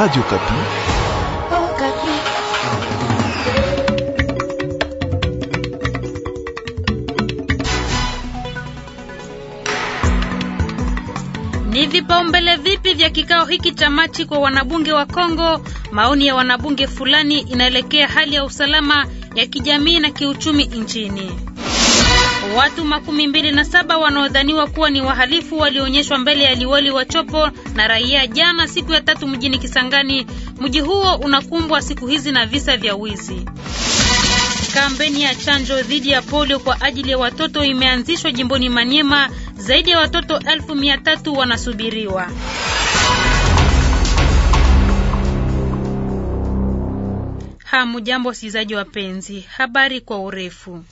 Radio Kapi. Oh, Kapi. Ni vipaumbele vipi vya kikao hiki cha Machi kwa wanabunge wa Kongo? Maoni ya wanabunge fulani inaelekea hali ya usalama ya kijamii na kiuchumi nchini. Watu makumi mbili na saba wanaodhaniwa kuwa ni wahalifu walionyeshwa mbele ya liwali wa Chopo na raia jana siku ya tatu mjini Kisangani. Mji huo unakumbwa siku hizi na visa vya wizi. Kampeni ya chanjo dhidi ya polio kwa ajili ya watoto imeanzishwa jimboni Manyema. Zaidi ya watoto elfu mia tatu wanasubiriwa. Hamujambo wasikilizaji wapenzi, habari kwa urefu.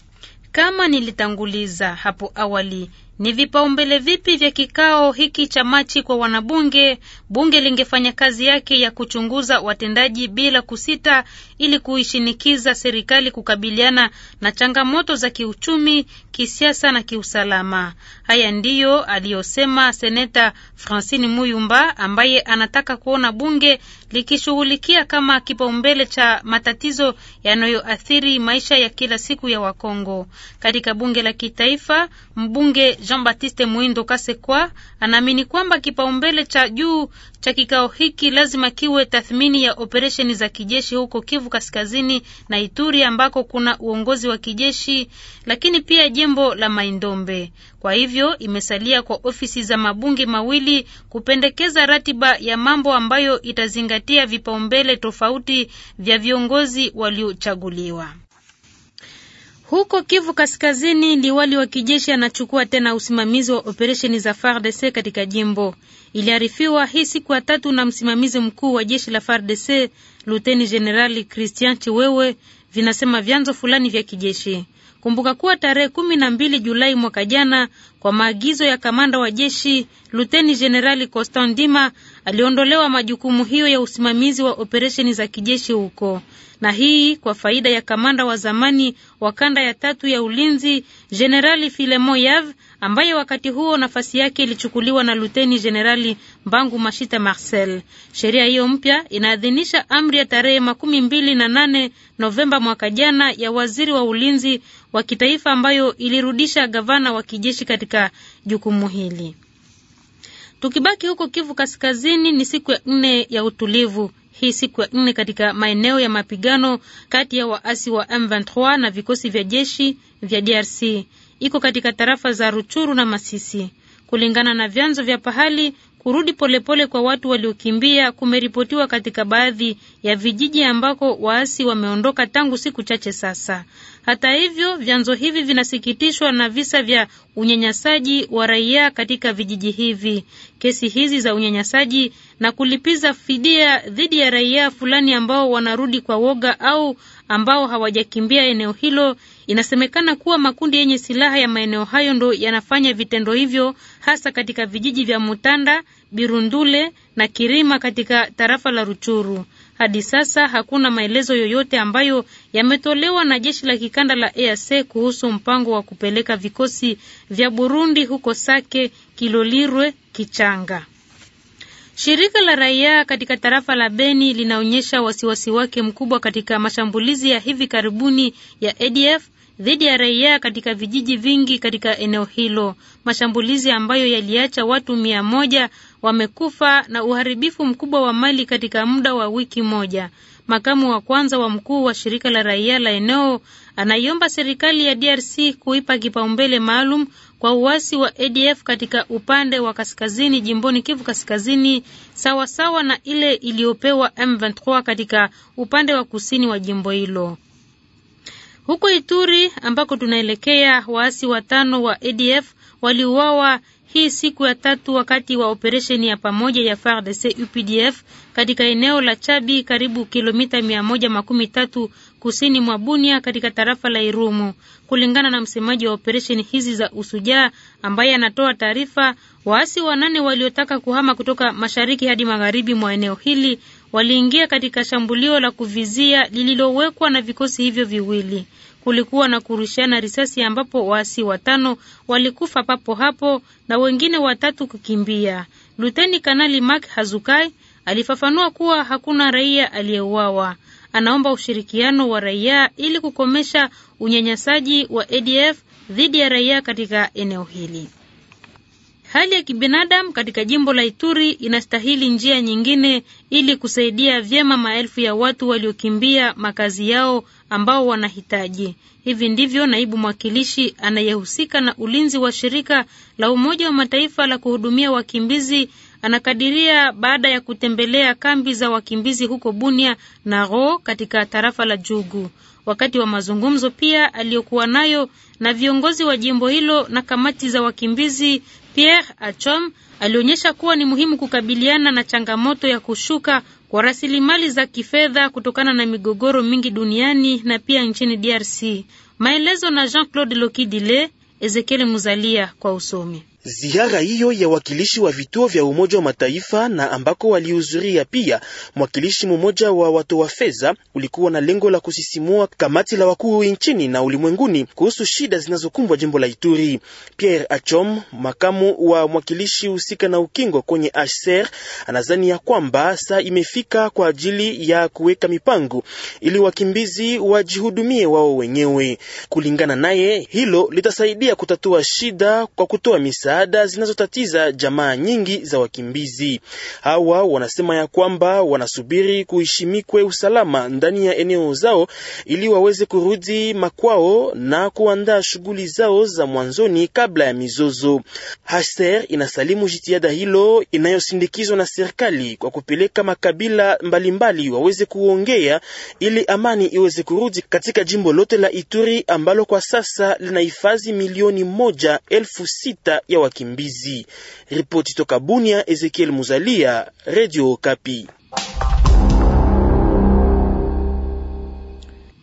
Kama nilitanguliza hapo awali, ni vipaumbele vipi vya kikao hiki cha Machi kwa wanabunge? Bunge lingefanya kazi yake ya kuchunguza watendaji bila kusita ili kuishinikiza serikali kukabiliana na changamoto za kiuchumi, kisiasa na kiusalama. Haya ndiyo aliyosema seneta Francine Muyumba ambaye anataka kuona bunge likishughulikia kama kipaumbele cha matatizo yanayoathiri maisha ya kila siku ya Wakongo. Katika bunge la kitaifa, mbunge Jean Baptiste muindo Kasekwa anaamini kwamba kipaumbele cha juu cha kikao hiki lazima kiwe tathmini ya operesheni za kijeshi huko Kivu Kaskazini na Ituri ambako kuna uongozi wa kijeshi, lakini pia jimbo la Maindombe. Kwa hivyo imesalia kwa ofisi za mabunge mawili kupendekeza ratiba ya mambo ambayo itazingatia vipaumbele tofauti vya viongozi waliochaguliwa. Huko Kivu Kaskazini, liwali wa kijeshi anachukua tena usimamizi wa operesheni za FARDC katika jimbo. Iliarifiwa hii siku ya tatu na msimamizi mkuu wa jeshi la FARDC luteni jenerali Christian Chiwewe, vinasema vyanzo fulani vya kijeshi. Kumbuka kuwa tarehe kumi na mbili Julai mwaka jana, kwa maagizo ya kamanda wa jeshi luteni jenerali costan Ndima aliondolewa majukumu hiyo ya usimamizi wa operesheni za kijeshi huko, na hii kwa faida ya kamanda wa zamani wa kanda ya tatu ya ulinzi Jenerali Filemo Yav, ambaye wakati huo nafasi yake ilichukuliwa na Luteni Jenerali Mbangu Mashita Marcel. Sheria hiyo mpya inaadhinisha amri ya tarehe makumi mbili na nane Novemba mwaka jana ya waziri wa ulinzi wa kitaifa ambayo ilirudisha gavana wa kijeshi katika jukumu hili. Tukibaki huko Kivu Kaskazini, ni siku ya nne ya utulivu hii siku ya nne katika maeneo ya mapigano kati ya waasi wa M23 na vikosi vya jeshi vya DRC iko katika tarafa za Ruchuru na Masisi. Kulingana na vyanzo vya pahali, kurudi polepole pole kwa watu waliokimbia kumeripotiwa katika baadhi ya vijiji ambako waasi wameondoka tangu siku chache sasa. Hata hivyo, vyanzo hivi vinasikitishwa na visa vya unyanyasaji wa raia katika vijiji hivi. Kesi hizi za unyanyasaji na kulipiza fidia dhidi ya raia fulani ambao wanarudi kwa woga au ambao hawajakimbia eneo hilo, inasemekana kuwa makundi yenye silaha ya maeneo hayo ndo yanafanya vitendo hivyo, hasa katika vijiji vya Mutanda, Birundule na Kirima katika tarafa la Ruchuru. Hadi sasa hakuna maelezo yoyote ambayo yametolewa na jeshi la kikanda la EAC kuhusu mpango wa kupeleka vikosi vya Burundi huko Sake, Kilolirwe, Kichanga. Shirika la raia katika tarafa la Beni linaonyesha wasiwasi wake mkubwa katika mashambulizi ya hivi karibuni ya ADF dhidi ya raia katika vijiji vingi katika eneo hilo, mashambulizi ambayo yaliacha watu mia moja wamekufa na uharibifu mkubwa wa mali katika muda wa wiki moja. Makamu wa kwanza wa mkuu wa shirika la raia la eneo anaiomba serikali ya DRC kuipa kipaumbele maalum kwa uasi wa ADF katika upande wa kaskazini jimboni Kivu Kaskazini, sawasawa sawa na ile iliyopewa M23 katika upande wa kusini wa jimbo hilo. Huko Ituri ambako tunaelekea, waasi watano wa ADF waliuawa hii siku ya tatu wakati wa operesheni ya pamoja ya FARDC UPDF katika eneo la Chabi karibu kilomita 113 kusini mwa Bunia katika tarafa la Irumu. Kulingana na msemaji wa operesheni hizi za usujaa ambaye anatoa taarifa, waasi wanane waliotaka kuhama kutoka mashariki hadi magharibi mwa eneo hili waliingia katika shambulio la kuvizia lililowekwa na vikosi hivyo viwili kulikuwa na kurushiana risasi ambapo waasi watano walikufa papo hapo na wengine watatu kukimbia. Luteni Kanali Mark Hazukai alifafanua kuwa hakuna raia aliyeuawa. Anaomba ushirikiano wa raia ili kukomesha unyanyasaji wa ADF dhidi ya raia katika eneo hili. Hali ya kibinadamu katika jimbo la Ituri inastahili njia nyingine ili kusaidia vyema maelfu ya watu waliokimbia makazi yao ambao wanahitaji. Hivi ndivyo naibu mwakilishi anayehusika na ulinzi wa shirika la Umoja wa Mataifa la kuhudumia wakimbizi anakadiria baada ya kutembelea kambi za wakimbizi huko Bunia na Ro katika tarafa la Jugu. Wakati wa mazungumzo pia aliyokuwa nayo na viongozi wa jimbo hilo na kamati za wakimbizi Pierre Achom alionyesha kuwa ni muhimu kukabiliana na changamoto ya kushuka kwa rasilimali za kifedha kutokana na migogoro mingi duniani na pia nchini DRC. Maelezo na Jean-Claude Lokidile, Ezekiel Muzalia kwa usomi. Ziara hiyo ya wakilishi wa vituo vya Umoja wa Mataifa na ambako walihudhuria pia mwakilishi mmoja wa watoa fedha ulikuwa na lengo la kusisimua kamati la wakuu nchini na ulimwenguni kuhusu shida zinazokumbwa jimbo la Ituri. Pierre Achom, makamu wa mwakilishi husika na ukingo kwenye HCR, anazani ya kwamba saa imefika kwa ajili ya kuweka mipango ili wakimbizi wajihudumie wao wenyewe. Kulingana naye, hilo litasaidia kutatua shida kwa kutoa misa misaada zinazotatiza jamaa nyingi za wakimbizi hawa. Wanasema ya kwamba wanasubiri kuheshimikwe usalama ndani ya eneo zao ili waweze kurudi makwao na kuandaa shughuli zao za mwanzoni kabla ya mizozo. Haser inasalimu jitihada hilo inayosindikizwa na serikali kwa kupeleka makabila mbalimbali waweze kuongea ili amani iweze kurudi katika jimbo lote la Ituri ambalo kwa sasa linahifadhi milioni moja elfu sita ya wakimbizi. Ripoti toka Bunia, Ezekiel Muzalia, Radio Kapi.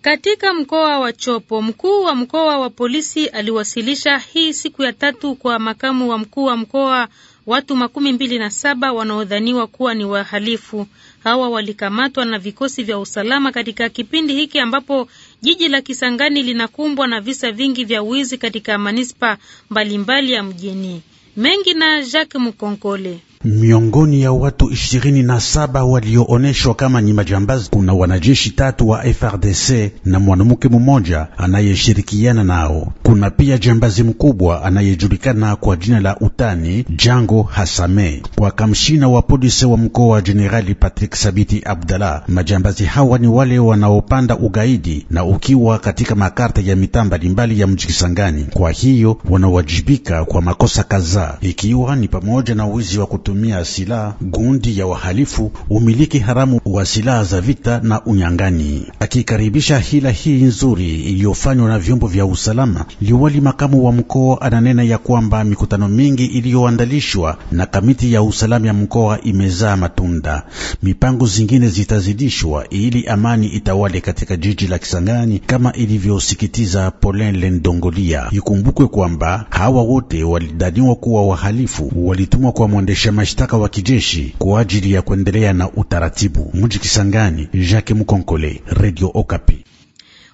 Katika mkoa wa Chopo, mkuu wa mkoa wa polisi aliwasilisha hii siku ya tatu kwa makamu wa mkuu wa mkoa watu makumi mbili na saba wanaodhaniwa kuwa ni wahalifu. Hawa walikamatwa na vikosi vya usalama katika kipindi hiki ambapo Jiji la Kisangani linakumbwa na visa vingi vya wizi katika manispa mbalimbali ya mjini mengi na Jacques Mkonkole. Miongoni ya watu ishirini na saba waliooneshwa kama ni majambazi, kuna wanajeshi tatu wa FRDC na mwanamke mmoja anayeshirikiana nao. Kuna pia jambazi mkubwa anayejulikana kwa jina la utani Jango Hasame. Kwa kamshina wa polisi wa mkoa Jenerali Patrick Sabiti Abdallah, majambazi hawa ni wale wanaopanda ugaidi na ukiwa katika makarta ya mitaa mbalimbali ya mji Kisangani. Kwa hiyo wanawajibika kwa makosa kadhaa, ikiwa ni pamoja na wizi wa kutu kutumia silaha, gundi ya wahalifu, umiliki haramu wa silaha za vita na unyang'anyi. Akikaribisha hila hii nzuri iliyofanywa na vyombo vya usalama, liwali makamu wa mkoa ananena ya kwamba mikutano mingi iliyoandalishwa na kamiti ya usalama ya mkoa imezaa matunda. Mipango zingine zitazidishwa ili amani itawale katika jiji la Kisangani kama ilivyosikitiza Polin Lendongolia. Ikumbukwe kwamba hawa wote walidaniwa kuwa wahalifu, walitumwa kwa mwendesha mashtaka wa kijeshi kwa ajili ya kuendelea na utaratibu. Mji Kisangani, Jacques Mukonkole, Radio Okapi.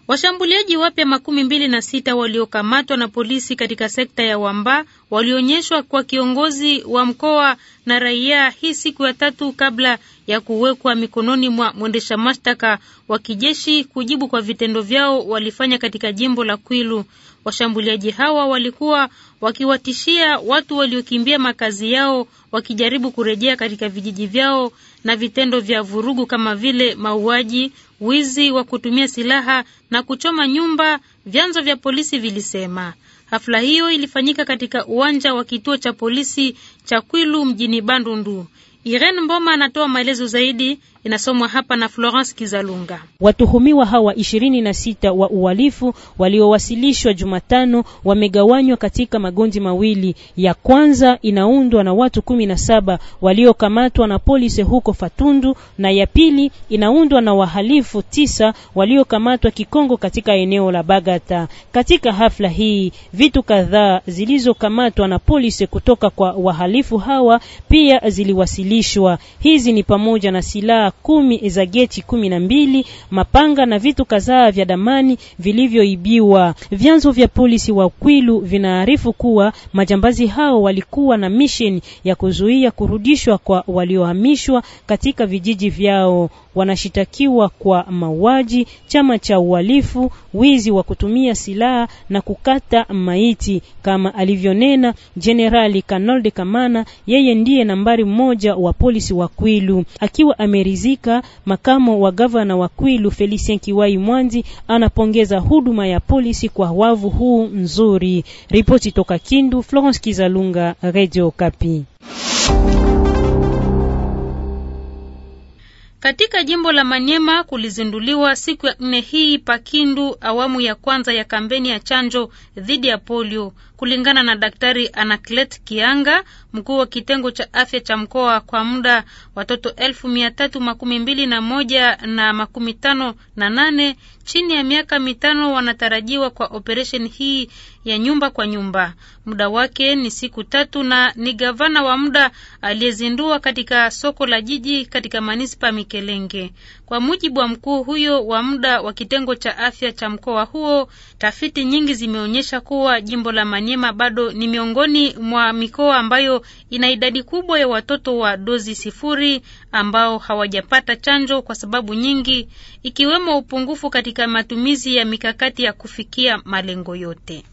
Washambuliaji wapya makumi mbili na sita waliokamatwa na polisi katika sekta ya Wamba walionyeshwa kwa kiongozi wa mkoa na raia hii siku ya tatu kabla ya kuwekwa mikononi mwa mwendesha mashtaka wa kijeshi kujibu kwa vitendo vyao walifanya katika jimbo la Kwilu. Washambuliaji hawa walikuwa wakiwatishia watu waliokimbia makazi yao wakijaribu kurejea katika vijiji vyao na vitendo vya vurugu kama vile mauaji, wizi wa kutumia silaha na kuchoma nyumba, vyanzo vya polisi vilisema. Hafla hiyo ilifanyika katika uwanja wa kituo cha polisi cha Kwilu mjini Bandundu. Irene Mboma anatoa maelezo zaidi inasomwa hapa na Florence Kizalunga. Watuhumiwa hawa ishirini na sita wa uhalifu waliowasilishwa Jumatano wamegawanywa katika magondi mawili. Ya kwanza inaundwa na watu kumi na saba waliokamatwa na polisi huko Fatundu na ya pili inaundwa na wahalifu tisa waliokamatwa Kikongo katika eneo la Bagata. Katika hafla hii vitu kadhaa zilizokamatwa na polisi kutoka kwa wahalifu hawa pia ziliwasilishwa. Hizi ni pamoja na silaha kumi za geti kumi na mbili, mapanga na vitu kadhaa vya damani vilivyoibiwa. Vyanzo vya polisi wa Kwilu vinaarifu kuwa majambazi hao walikuwa na misheni ya kuzuia kurudishwa kwa waliohamishwa katika vijiji vyao. Wanashitakiwa kwa mauaji, chama cha uhalifu, wizi wa kutumia silaha na kukata maiti, kama alivyonena Jenerali Kanolde Kamana, yeye ndiye nambari mmoja wa polisi wa Kwilu akiwa ameriz kumalizika, makamo wa gavana wa Kwilu Felicien Kiwai Mwanzi anapongeza huduma ya polisi kwa wavu huu nzuri. Ripoti toka Kindu, Florence Kizalunga, Radio Kapi. Katika jimbo la Manyema kulizinduliwa siku ya nne hii Pakindu awamu ya kwanza ya kampeni ya chanjo dhidi ya polio. Kulingana na Daktari Anaclet Kianga, mkuu wa kitengo cha afya cha mkoa kwa muda watoto elfu mia tatu makumi mbili na moja na makumi tano na nane chini ya miaka mitano wanatarajiwa kwa operesheni hii ya nyumba kwa nyumba. Muda wake ni siku tatu na ni gavana wa muda aliyezindua katika soko la jiji katika manispa Mikelenge. Kwa mujibu wa mkuu huyo wa muda wa kitengo cha afya cha mkoa huo, tafiti nyingi zimeonyesha kuwa jimbo la Manyema bado ni miongoni mwa mikoa ambayo ina idadi kubwa ya watoto wa dozi sifuri ambao hawajapata chanjo kwa sababu nyingi, ikiwemo upungufu katika matumizi ya mikakati ya kufikia malengo yote.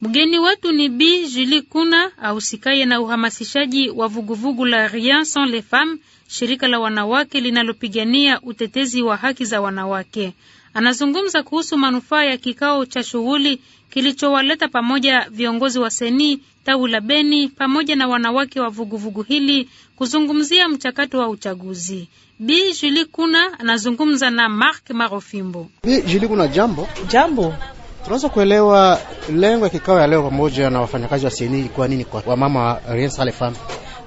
Mgeni wetu ni Bi Julie Kuna ahusikaye na uhamasishaji wa vuguvugu la Rien sans les femmes, shirika la wanawake linalopigania utetezi wa haki za wanawake. Anazungumza kuhusu manufaa ya kikao cha shughuli kilichowaleta pamoja viongozi wa seni tawi la Beni pamoja na wanawake wa vuguvugu hili kuzungumzia mchakato wa uchaguzi. Bi Juli Kuna anazungumza na Mark Marofimbo. Bi Juli Kuna, jambo jambo. Tunaweza kuelewa lengo ya kikao ya leo pamoja na wafanyakazi wa seni kwa nini kwa wamama Rien Salefam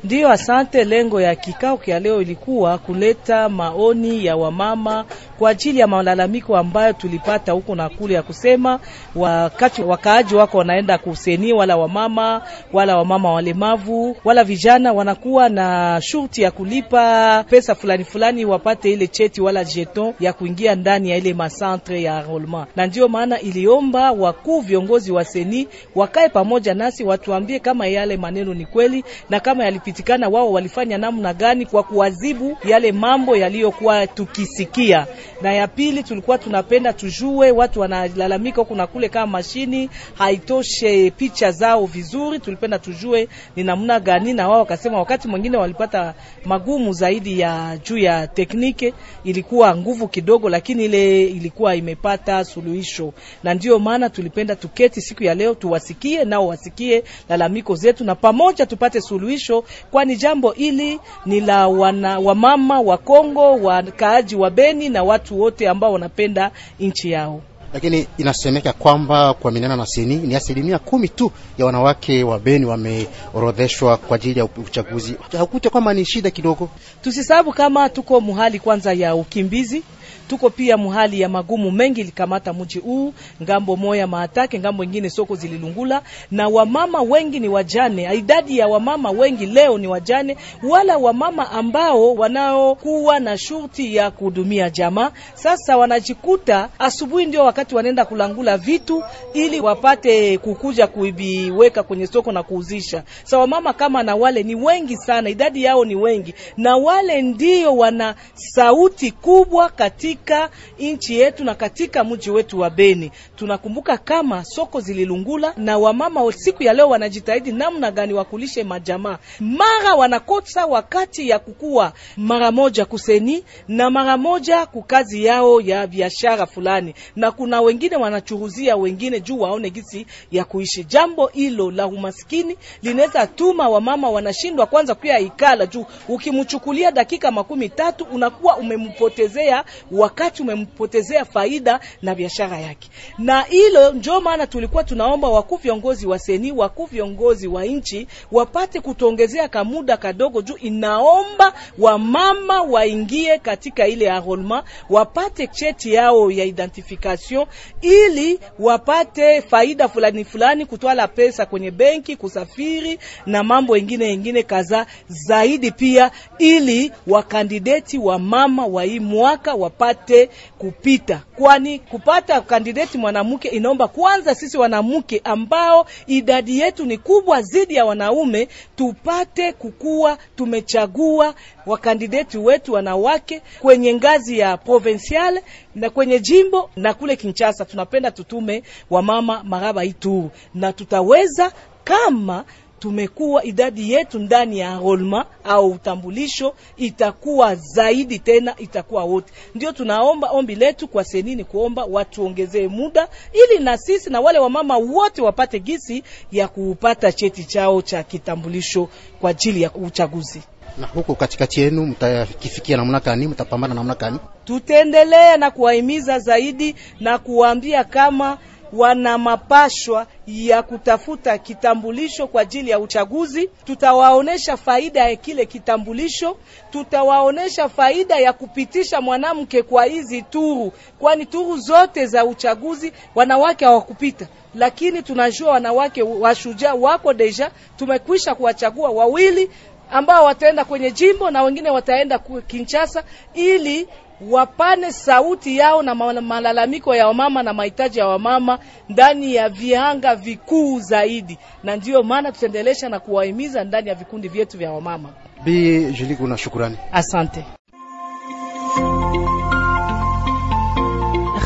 Ndiyo, asante. Lengo ya kikao kia leo ilikuwa kuleta maoni ya wamama kwa ajili ya malalamiko ambayo tulipata huko na kule, ya kusema wakati wakaaji wako wanaenda kuseni, wala wamama wala wamama walemavu wala vijana wanakuwa na shurti ya kulipa pesa fulani fulani, wapate ile cheti wala jeton ya kuingia ndani ya ile masantre ya enrolement, na ndiyo maana iliomba wakuu viongozi wa seni wakae pamoja nasi watuambie kama yale maneno ni kweli na kama yalipitia kupatikana wao walifanya namna gani kwa kuwazibu yale mambo yaliyokuwa tukisikia. Na ya pili, tulikuwa tunapenda tujue watu wanalalamika huku na kule, kama mashini haitoshe picha zao vizuri, tulipenda tujue ni namna gani, na wao wakasema wakati mwingine walipata magumu zaidi ya juu ya teknike, ilikuwa nguvu kidogo, lakini ile ilikuwa imepata suluhisho, na ndio maana tulipenda tuketi siku ya leo tuwasikie nao wasikie lalamiko zetu, na pamoja tupate suluhisho kwani jambo hili ni la wana, wamama wa Kongo, wakaaji wa Beni na watu wote ambao wanapenda nchi yao lakini inasemeka kwamba kwa minana na seni ni asilimia kumi tu ya wanawake wa Beni wameorodheshwa kwa ajili ya uchaguzi. Hakuta kwamba ni shida kidogo. Tusisabu kama tuko muhali kwanza ya ukimbizi Tuko pia muhali ya magumu mengi likamata mji huu, ngambo moya maatake, ngambo ingine soko zililungula, na wamama wengi ni wajane. Idadi ya wamama wengi leo ni wajane, wala wamama ambao wanaokuwa na shurti ya kuhudumia jamaa. Sasa wanajikuta asubuhi ndio wakati wanaenda kulangula vitu ili wapate kukuja kuibiweka kwenye soko na kuuzisha. Sa wamama kama na wale ni wengi sana, idadi yao ni wengi, na wale ndio wana sauti kubwa kati katika nchi yetu na katika mji wetu wa Beni. Tunakumbuka kama soko zililungula na wamama siku ya leo wanajitahidi namna gani wakulishe majamaa, mara wanakosa wakati ya kukua mara moja kuseni na mara moja kukazi yao ya biashara fulani, na kuna wengine wanachuruzia wengine juu waone gisi ya kuishi. Jambo hilo la umaskini linaweza tuma wamama wanashindwa kwanza kuya ikala juu, ukimchukulia dakika makumi tatu unakuwa umempotezea wakati umempotezea faida na biashara yake. Na hilo ndio maana tulikuwa tunaomba wakuu viongozi wa seni, wakuu viongozi wa nchi wapate kutuongezea kamuda kadogo, juu inaomba wamama waingie katika ile arolma, wapate cheti yao ya identification ili wapate faida fulani fulani, kutwala pesa kwenye benki, kusafiri na mambo ingine ingine kadhaa zaidi, pia ili wakandideti wa mama wa hii mwaka wa wapate kupita, kwani kupata kandideti mwanamke inaomba kwanza sisi wanamke ambao idadi yetu ni kubwa zidi ya wanaume tupate kukua. Tumechagua wakandideti wetu wanawake kwenye ngazi ya provincial na kwenye jimbo na kule Kinshasa. Tunapenda tutume wamama maraba ituru na tutaweza kama tumekuwa idadi yetu ndani ya rolma au utambulisho itakuwa zaidi tena, itakuwa wote. Ndio tunaomba ombi letu kwa senini kuomba watuongezee muda, ili na sisi na wale wamama wote wapate gisi ya kupata cheti chao cha kitambulisho kwa ajili ya uchaguzi na huko katikati yenu mtakifikia namna gani? Mtapambana namna gani? Tutaendelea na kuwahimiza zaidi na kuwaambia kama wana mapashwa ya kutafuta kitambulisho kwa ajili ya uchaguzi. Tutawaonesha faida ya kile kitambulisho, tutawaonesha faida ya kupitisha mwanamke kwa hizi turu, kwani turu zote za uchaguzi wanawake hawakupita, lakini tunajua wanawake washujaa wako deja, tumekwisha kuwachagua wawili ambao wataenda kwenye jimbo na wengine wataenda Kinshasa ili wapane sauti yao na malalamiko ya wamama na mahitaji ya wamama ndani ya vianga vikuu zaidi, na ndiyo maana tutaendelesha na kuwahimiza ndani ya vikundi vyetu vya wamama. Bi Jili, kuna shukurani, asante.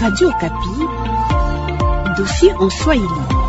Radio Kapi, dossier en Swahili.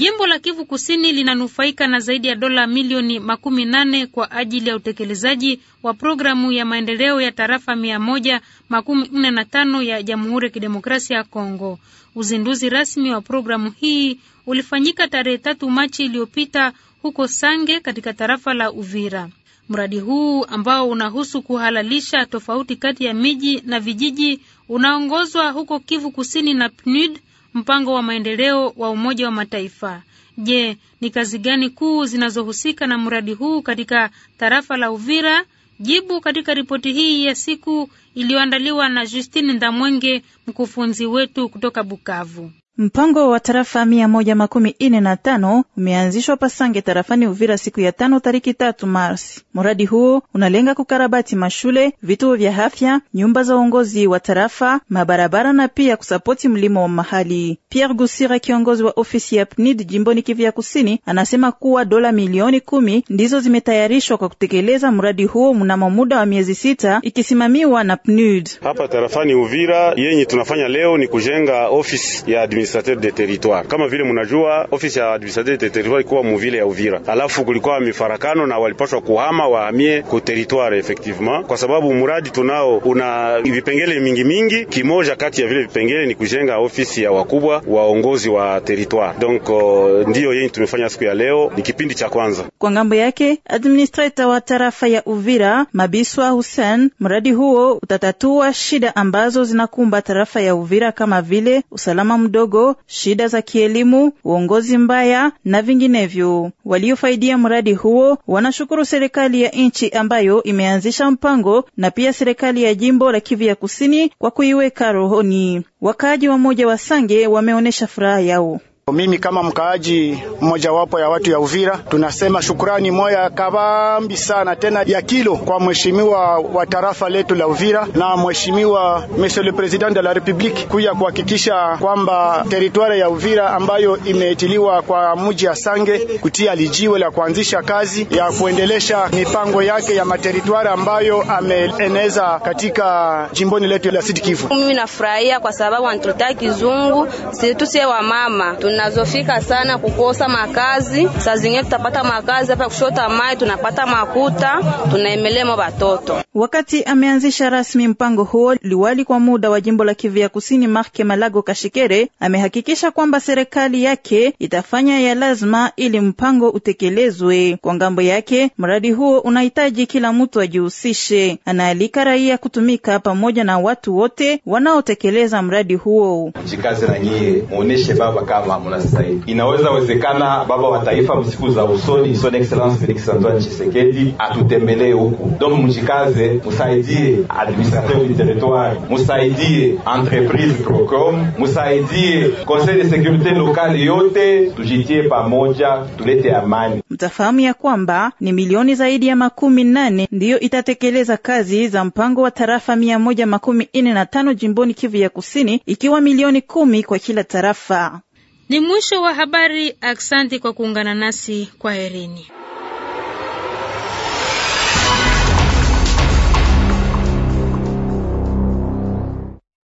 Jimbo la Kivu Kusini linanufaika na zaidi ya dola milioni makumi nane kwa ajili ya utekelezaji wa programu ya maendeleo ya tarafa mia moja makumi nne na tano ya Jamhuri ya Kidemokrasia ya Kongo. Uzinduzi rasmi wa programu hii ulifanyika tarehe tatu Machi iliyopita huko Sange katika tarafa la Uvira. Mradi huu ambao unahusu kuhalalisha tofauti kati ya miji na vijiji unaongozwa huko Kivu Kusini na PNUD mpango wa maendeleo wa Umoja wa Mataifa. Je, ni kazi gani kuu zinazohusika na mradi huu katika tarafa la Uvira? Jibu katika ripoti hii ya siku iliyoandaliwa na Justine Ndamwenge, mkufunzi wetu kutoka Bukavu. Mpango wa tarafa mia moja makumi ine na tano umeanzishwa Pasange tarafani Uvira siku ya tano tariki tatu Mars. Mradi huo unalenga kukarabati mashule, vituo vya afya, nyumba za uongozi wa tarafa, mabarabara na pia kusapoti mlimo wa mahali. Pierre Gusira, kiongozi wa ofisi ya PNID jimboni Kivu ya Kusini, anasema kuwa dola milioni kumi ndizo zimetayarishwa kwa kutekeleza mradi huo mnamo muda wa miezi sita, ikisimamiwa na PNUD hapa tarafani Uvira. Yenye tunafanya leo ni kujenga ofisi ya administrateur de territoire. Kama vile mnajua, ofisi ya administrateur de territoire ilikuwa muvile ya Uvira, alafu kulikuwa mifarakano na walipashwa kuhama wahamie ku territoire effectivement, kwa sababu mradi tunao una vipengele mingi mingi. Kimoja kati ya vile vipengele ni kujenga ofisi ya wakubwa waongozi wa territoire. Donc uh, ndiyo yenye tumefanya siku ya leo, ni kipindi cha kwanza. Kwa ngambo yake administrator wa tarafa ya Uvira Mabiswa Hussein, mradi huo utatatua shida ambazo zinakumba tarafa ya Uvira kama vile usalama mdogo kidogo, shida za kielimu, uongozi mbaya na vinginevyo. Waliofaidia mradi huo wanashukuru serikali ya nchi ambayo imeanzisha mpango na pia serikali ya jimbo la Kivu ya Kusini kwa kuiweka rohoni. Wakaaji wa moja wa Sange wameonyesha furaha yao. Mimi kama mkaaji mmojawapo ya watu ya Uvira, tunasema shukrani moya kabambi sana tena ya kilo kwa mheshimiwa wa tarafa letu la Uvira na mheshimiwa Monsieur le President de la Republique kuya kuhakikisha kwamba teritwari ya Uvira ambayo imeitiliwa kwa muji ya Sange kutia lijiwe la kuanzisha kazi ya kuendelesha mipango yake ya materitwari ambayo ameeneza katika jimboni letu la Sud Kivu. Mimi nafurahia kwa sababu antutaki zungu sisi tu wa mama tuna tunazofika sana kukosa makazi. Saa zingine tutapata makazi hapa kushota mai, tunapata makuta, tunaemelemo batoto Wakati ameanzisha rasmi mpango huo, liwali kwa muda wa jimbo la Kivu ya Kusini Marke Malago Kashikere amehakikisha kwamba serikali yake itafanya ya lazima ili mpango utekelezwe. Kwa ngambo yake, mradi huo unahitaji kila mtu ajihusishe. Anaalika raia kutumika pamoja na watu wote wanaotekeleza mradi huo. Jikazi na nyie muoneshe baba kama mnastahili. Inaweza wezekana baba wa taifa msiku za usoni, Son Excellence Felix Antoine Tshisekedi atutembelee huku. Donc mjikazi shule, musaidie administrateur du territoire, musaidie entreprise Procom, musaidie conseil de securite locale Yote tujitie pamoja, tulete amani. Mtafahamu ya kwamba ni milioni zaidi ya makumi nane ndiyo itatekeleza kazi za mpango wa tarafa mia moja makumi nne na tano jimboni Kivu ya Kusini, ikiwa milioni kumi kwa kila tarafa. Ni mwisho wa habari. aksanti kwa kuungana nasi kwa herini.